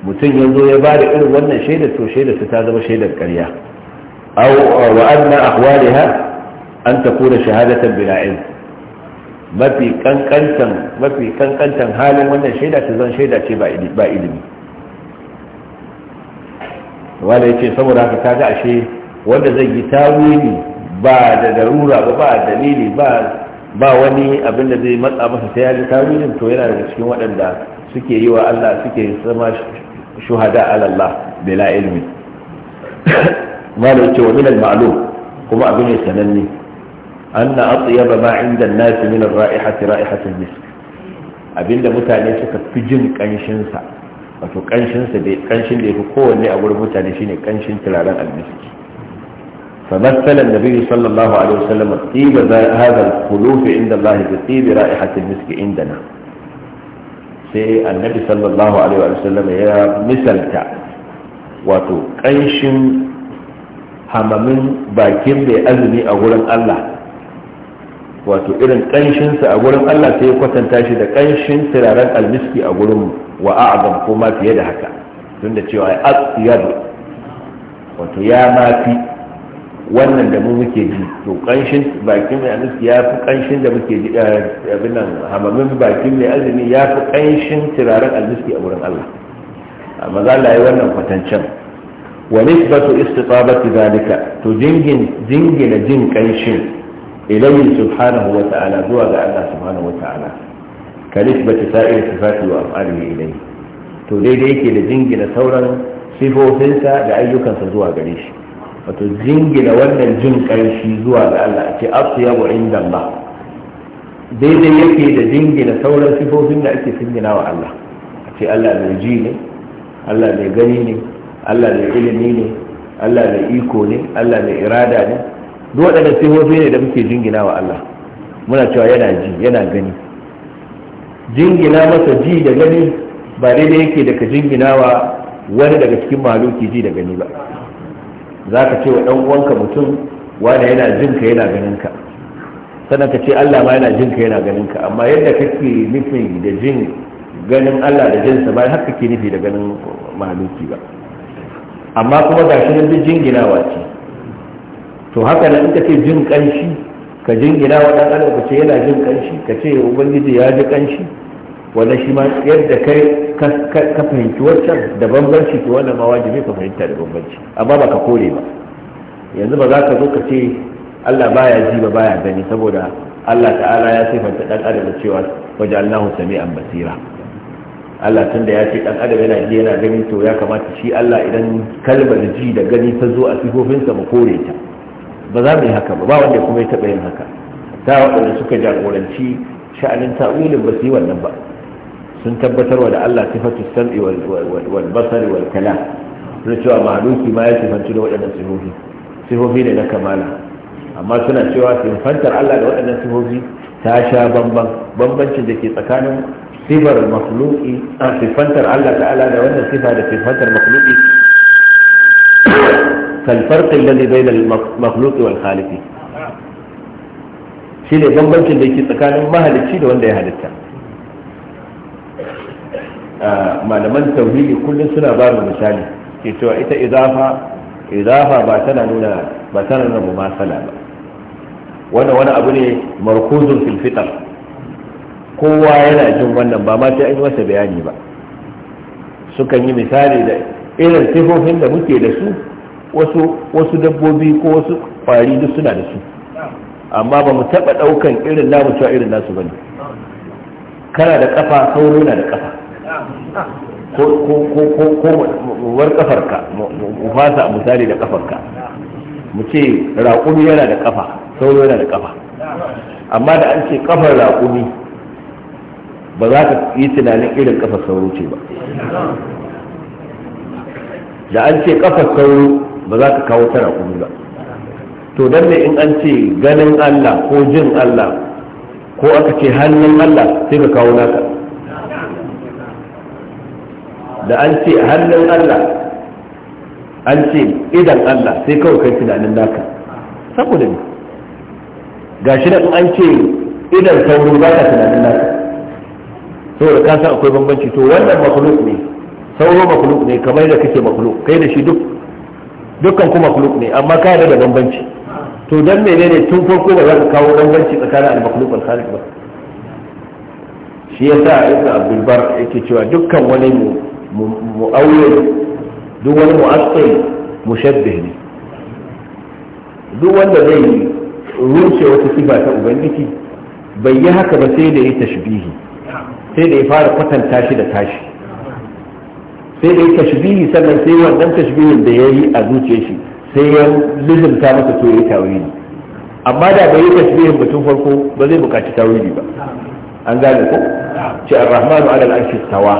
mutum yanzu ya ba da irin wannan shaida to shaida ta zama shaidar ƙarya aw wa anna ahwalaha an takuna shahadatan bila mafi kankantan mafi kankantan halin wannan shaida ta zan shaida ce ba ilimi wanda yace saboda haka kaga ashe wanda zai yi tawili ba da darura ba ba dalili ba ba wani abin da zai matsa masa sai yaji tawilin to yana daga cikin waɗanda suke yi wa Allah suke zama shuhada ala Allah bila ilmi malai ce wa min al kuma abin ne sananne anna atyaba ma inda nasi nas min ra'ihati raihati misk abinda mutane suka fi jin kanshin sa wato kanshin da ya fi yafi kowanne a gurin mutane shine kanshin turaren almiski فمثل النبي صلى الله عليه وسلم طيب هذا الخلوف عند الله بطيب رائحة المسك عندنا sai annabi sallallahu alaihi wa sallam ya misalta wato ƙanshin hamamin bakin mai azumi a gurin Allah wato irin ƙanshinsa a gurin Allah sai ya kwatanta shi da ƙanshin turaren almiski a gurinmu wa a'zam ko ma fiye da haka tunda cewa asyadu wato ya ma fi wannan da mu muke ji to kanshin bakin mai azumi ya fi kanshin da muke ji a eh, abin nan hamamin bakin mai azumi ya fi kanshin turaren almiski a wurin Allah amma za la yi wannan kwatancen wa nisbatu istitabati zalika to jingin jingina jin kanshin ilayhi subhanahu wa ta'ala zuwa ga Allah subhanahu wa ta'ala ka nisbati sa'ir sifati wa af'alihi ilayhi to daidai yake da jingina sauran sifofinsa da ayyukansa zuwa gare shi wato jingina wannan jin ƙarshi zuwa ga Allah a ce asiyabu inda Allah daidai yake da jingina sauran sifofin da ake singina wa Allah a ce Allah mai ji ne Allah mai gani ne Allah mai ilimi ne Allah mai iko ne Allah mai irada ne duk waɗanda sifofi ne da muke jingina wa Allah muna cewa yana ji yana gani jingina masa ji da gani ba daidai yake daga jingina wa wani daga cikin maluki ji da gani ba za ka ce wa ɗan uwanka mutum wani yana jinka yana ganinka sannan ka ce allah ma yana jinka yana ganinka amma yadda kake nufin da jin ganin allah da jinsa ba haka ke nufi da ganin maluki ba amma kuma ga shi nan duk jinginawa ce to haka nan in ka ce jin ƙanshi ka jingina wa ɗan adam ka ce yana jin kanshi ka ce ubangiji ya ji kanshi wannan shi ma yadda kai ka fahimci wancan da bambanci to wannan ma wajibi ka fahimta da bambanci amma ba ka kore ba yanzu ba za ka zo ka ce Allah baya ji ba baya gani saboda Allah ta'ala ya sifanta dan adam da cewa allahu sami'an basira Allah tun da ya ce dan adam yana ji yana gani to ya kamata shi Allah idan kalmar ji da gani ta zo a sifofinsa mu kore ta ba za mu yi haka ba ba wanda kuma ya taɓa yin haka ta waɗanda suka jagoranci sha'anin ta'wilin ba su yi wannan ba sun tabbatar wa da Allah sifatu sam'i wal basari wal kalam sun cewa mahaluki ma ya sifantu da waɗannan sifofi sifofi ne na kamala amma suna cewa sifantar Allah da waɗannan sifofi ta sha bamban bambancin da ke tsakanin sifar makhluki sifantar Allah ta'ala da wannan sifa da sifantar makhluki kalfarki lalli bai da makhluki wal khalifi shi ne bambancin da yake tsakanin mahalicci da wanda ya halitta malaman tauhidi kullum suna ba mu misali ke cewa ita izafa izafa ba tana nuna ba tana nuna mumasala ba wannan wani abu ne markuzun fil fitar kowa yana jin wannan ba ma sai an yi masa bayani ba sukan yi misali da irin sifofin da muke da su wasu wasu dabbobi ko wasu kwari duk suna da su amma ba mu taɓa ɗaukan irin namu cewa irin nasu bane kana da kafa sauro na da kafa ko war ka, mu fasa misali da ka. mu ce raƙumi yana da kafa sauro yana da kafa amma da an ce kafar raƙumi ba za ka yi tunanin irin kafar sauro ce ba da an ce kafar sauro ba za ka kawo tara kuma ba to dan ne in an ce ganin Allah ko jin Allah ko aka ce hannun Allah sai ka kawo naka da an ce hannun Allah an ce idan Allah sai kawai kai tunanin naka saboda ne gashi da an ce idan sauro ba ka tunanin naka saboda ka san akwai bambanci to wannan makhluk ne sauro makhluk ne kamar da kake makhluk kai da shi duk dukkan kuma kuluk ne amma ka yarda da bambanci to dan menene tun farko ba za ka kawo bambanci tsakanin al-makhluq wal khaliq ba shi yasa ibn abdul bar yake cewa dukkan wani mu'awwil duk wani mu'assil mushabbih ne duk wanda zai rushe wata sifa ta ubangiji bai yi haka ba sai da ya tashbihi sai da ya fara kwatanta shi da tashi sai dai tashbihi sannan sai wannan tashbihin da ya yi a zuciyar shi sai ya lizimta masa to yayi tawili amma da bai yi tashbihin batun farko ba zai bukaci tawili ba an gane ko ce ar-rahmanu ala al-arshi tawa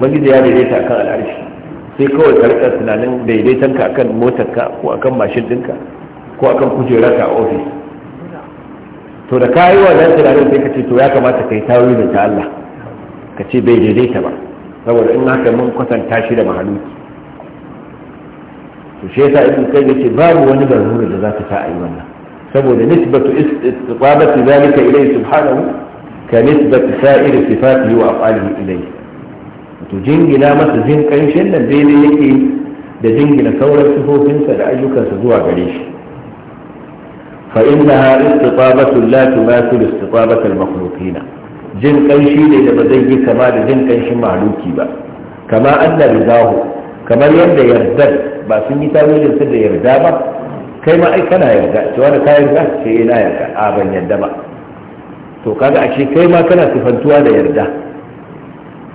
da ya daidaita akan al-arshi sai kawai karkar tunanin daidaitan ka akan motar ka ko akan mashin dinka ko akan kujerar ka ofis to da kayi wannan tunanin sai ka ce to ya kamata kai tawili ta Allah ka ce bai daidaita ba saboda in haka mun kwatanta shi da mahaluki to shi yasa ibn kai yace babu wani garuru da za ta sa a wannan saboda nisbatu istiqabati zalika ilayhi subhanahu ka nisbatu sa'iri sifatihi wa af'alihi ilayhi to jingina masa jin kanshin nan daidai yake da jingina sauran sifofinsa da ayyukansa zuwa gare shi فإنها استطابة لا تماثل استطابة المخلوقين jin kanshi ne da ba zai yi kama da jin kanshin mahaluki ba kama da rizahu kamar yadda yardar ba sun yi tawilin sun da yarda ba kai ma ai kana yarda to wani ka yarda ce ina yarda a ban yarda ba to kaga ashe kai ma kana sifantuwa da yarda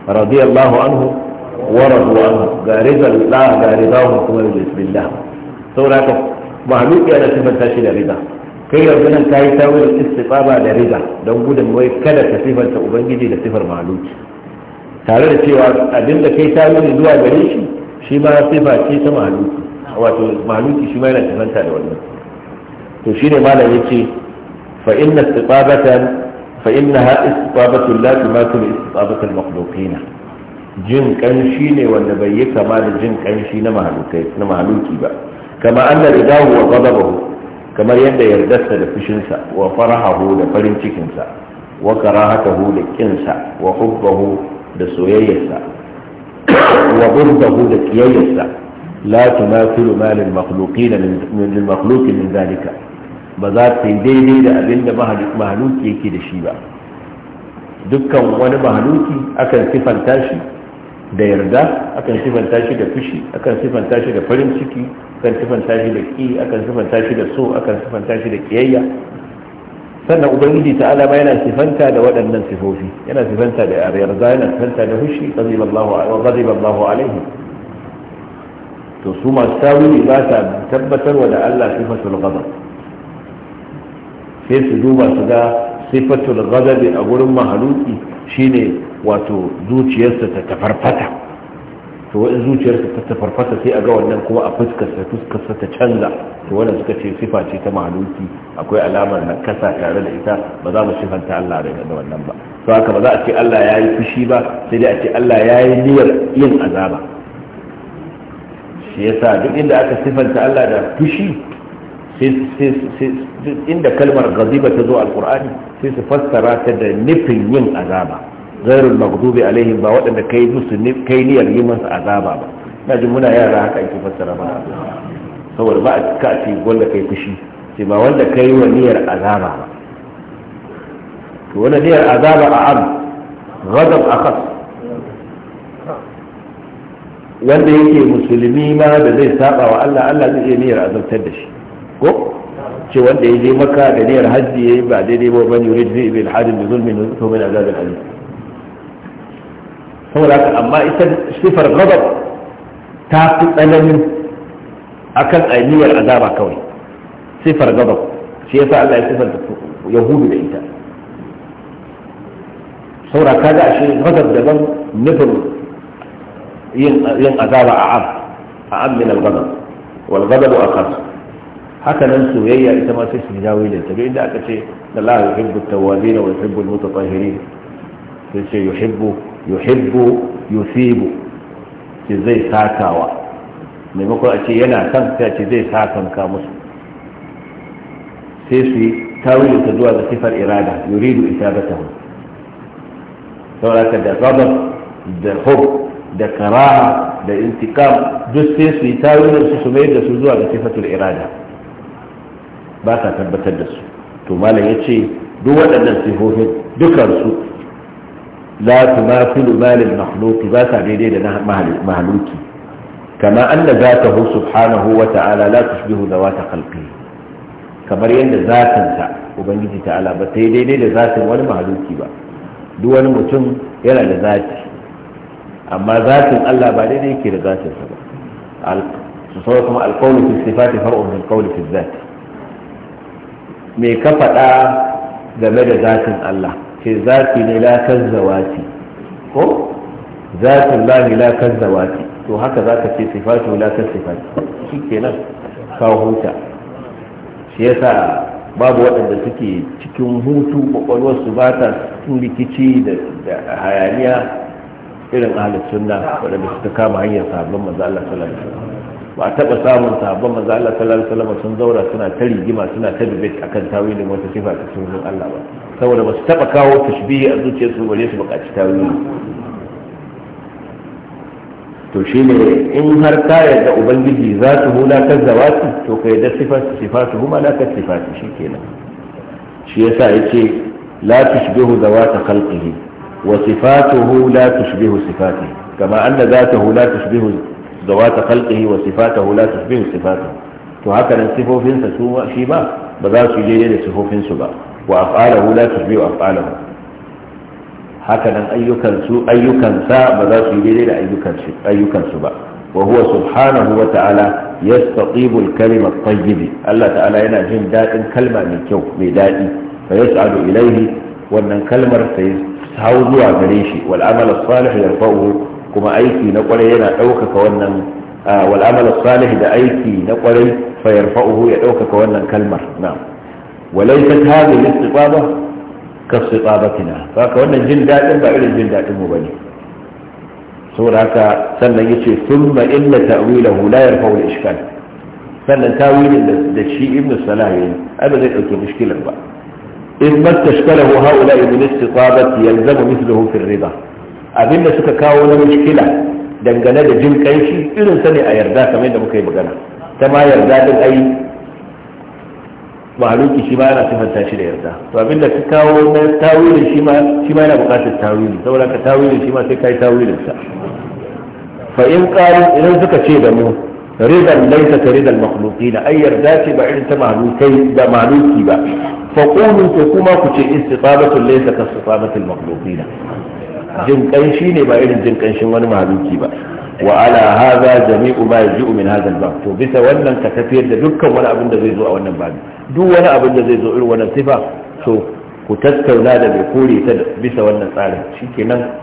radiyallahu anhu wa radu anhu ga rizal la ga ridahu kuma bismillah saboda ka mahluki ana sifanta shi da ridahu kai yanzu nan ka yi tawil istiqama da riba don gudun wai kada ka sifanta ubangiji da sifar maluki tare da cewa abin da kai tawil zuwa gare shi shi ma sifa ce ta maluki wato maluki shi ma yana sifanta da wannan to shine malam ce fa inna istiqabatan fa innaha istiqabatu la tumatul istiqabatu al-makhluqina jin kanshi ne wanda bai yi kama da jin kanshi na mahaluki na mahaluki ba kama anna ridahu wa ghadabahu kamar yadda yardarsa da fushinsa wa farahahu da farin cikinsa wa karahatahu da kinsa wa hubbahu da soyayyarsa wa burdahu da kiyayyarsa la tumathilu ma lil makhluqin min makhluq min zalika ba za ta yi daidai da abin da mahaluki yake da shi ba dukkan wani mahaluki akan sifanta shi da yarda akan sifanta shi da fushi akan sifanta shi da farin ciki akan sifanta shi da ki akan sifanta shi da so akan sifanta shi da kiyayya sannan ubangiji ta'ala alama yana sifanta da waɗannan sifofi yana sifanta da yarda yana sifanta da fushi radiyallahu alaihi to su masu tawili ba sa tabbatarwa da Allah sifatul ghadab sai su duba su ga sifatul ghadabi a gurin mahaluki shine wato zuciyarsa ta tafarfata to wani zuciyarsa ta tafarfata sai a ga wannan kuma a fuskarsa fuskarsa ta canza to wannan suka ce sifa ce ta mahaluki akwai alamar na kasa tare da ita ba za mu sifanta Allah da wannan ba to haka ba za a ce Allah ya yi fushi ba sai dai a ce Allah ya yi niyyar yin azaba shi yasa duk inda aka sifanta Allah da fushi inda kalmar gaziba ta zo Alqur'ani. sai su fassara ta da nufin yin azaba zairul maghdubi alaihim ba waɗanda kai musu kai niyyar yi masa azaba ba na ji muna yara haka ake fassara ba saboda ba a cika a ce wanda kai fushi sai ba wanda kai wa niyyar azaba ba to wanda niyyar azaba a am ghadab akhas wanda yake musulmi ma da zai saba wa Allah Allah zai iya niyyar azabtar da shi ce wanda ya je maka da niyyar hajji yayi ba daidai ba ban yuri bi bil hadin bi zulmin to mai azabin al saboda haka amma ita sifar ghadab ta fi tsananin akan ainihiyar azaba kawai sifar ghadab shi yasa Allah ya sifar yahudu da ita saboda saura kaga ashe ghadab daban nufin yin azaba a am a am min al-ghadab wal ghadab akhas haka nan soyayya ita ma sai su jawo da ta inda aka ce Allah yuhibbu tawabin wa yuhibbu mutatahirin sai ce yuhibbu yuhibbu yusibu ce zai sakawa maimakon a ce yana san ta ce zai sakanka musu sai su yi tawilin ta zuwa ga sifar irada yuridu isabatahu saboda da gabar da hub da karaha da intikam duk sai su yi tawilin su su mai da su zuwa ga sifatul irada ba sa tabbatar da su to malam ya ce duk waɗannan sifofin dukansu la su ma filu malin mahaluki ba sa daidai da mahaluki kama an da za ta zatahu subhanahu wa ta'ala la da wata khalqihi kamar yadda zatinsa ubangiji ta'ala ba sai daidai da zatin wani mahaluki ba duk wani mutum yana da zati amma zatin Allah ba daidai yake da zatinsa ba su sauran kuma alƙawli fi sifati far'un min qawli fi zati me ka faɗa game da zatin Allah ce zafi ne lakar zawati ko zafin la ne la to haka za zaka ce sifatu shi ke nan ka huta shi yasa babu waɗanda suke cikin hutu kwakwalwarsu ba ta cikin rikici da hayaniya irin ahalin sunna waɗanda suka kama hanyar sabon maza Allah ba taɓa samun sabon maza Allah sallallahu alaihi wasallam sun zaura suna ta rigima suna ta debate akan tawilin wata sifa ta sunan Allah ba saboda ba su taɓa kawo tashbihi a zuciyarsu bare su buƙaci tawili to shi ne in har ka yarda ubangiji za su hula ta zawati to ka yarda sifatu sifatu huma la ka sifatu shi kenan shi yasa yace la tushbihu zawata khalqihi wa sifatuhu la tushbihu sifatihi kama anna zatahu la tushbihu zawata khalqihi wa sifatahu la tusbihu sifatahu to haka sifofinsa shi ba ba za daidai da sifofinsu ba wa af'alahu la tusbihu af'alahu haka nan ayyukansa ba za daidai da ayyukan ba wa subhanahu wa ta'ala yastatibu al-kalima at-tayyib Allah ta'ala yana jin daɗin kalma mai kyau mai daɗi fa ado ilayhi wannan kalmar sai hau zuwa gare shi wal kuma aiki na kwarai yana ɗaukaka wannan wal amal salih da aiki na kwarai fa yarfa'uhu ya ɗaukaka wannan kalmar na'am walaysat hadhihi istiqama ka istiqamatina haka wannan jin dadin ba irin jin dadin mu bane saboda haka sannan yace thumma inna ta'wilahu la yarfa'u al-ishkal sannan tawilin da shi ibnu salah yayi ai ba zai dauke mushkilar ba in ba ta mattashkalahu haula ibn istiqamati yalzamu mithluhu fi ar-ridha abinda suka kawo na mushkila dangane da jin kanshi irin sa ne a yarda kamar yadda muka yi magana ta ma yarda din ai mahaluki shi ma yana sifanta shi da yarda to abinda ka kawo na tawilin shi ma shi ma yana buƙatar tawili saboda ka tawilin shi ma sai kai tawilin sa fa in qalu idan suka ce da mu ridan laysa ka ridan makhluqina ai yarda ce ba irin ta mahalukai da mahaluki ba fa qulu ko kuma ku ce istitabatu laysa ka istitabatul makhluqina jin kanshi ne ba irin jin kanshin wani mahaluki ba wa ala hadha jami'u ma yaji'u min hadha al-bab to bisa wannan ka tafiyar da dukkan wani abin da zai zo a wannan babi duk wani abin da zai zo irin wannan sifa to ku tattauna da mai kore ta bisa wannan tsarin shikenan